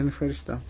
Ευχαριστώ.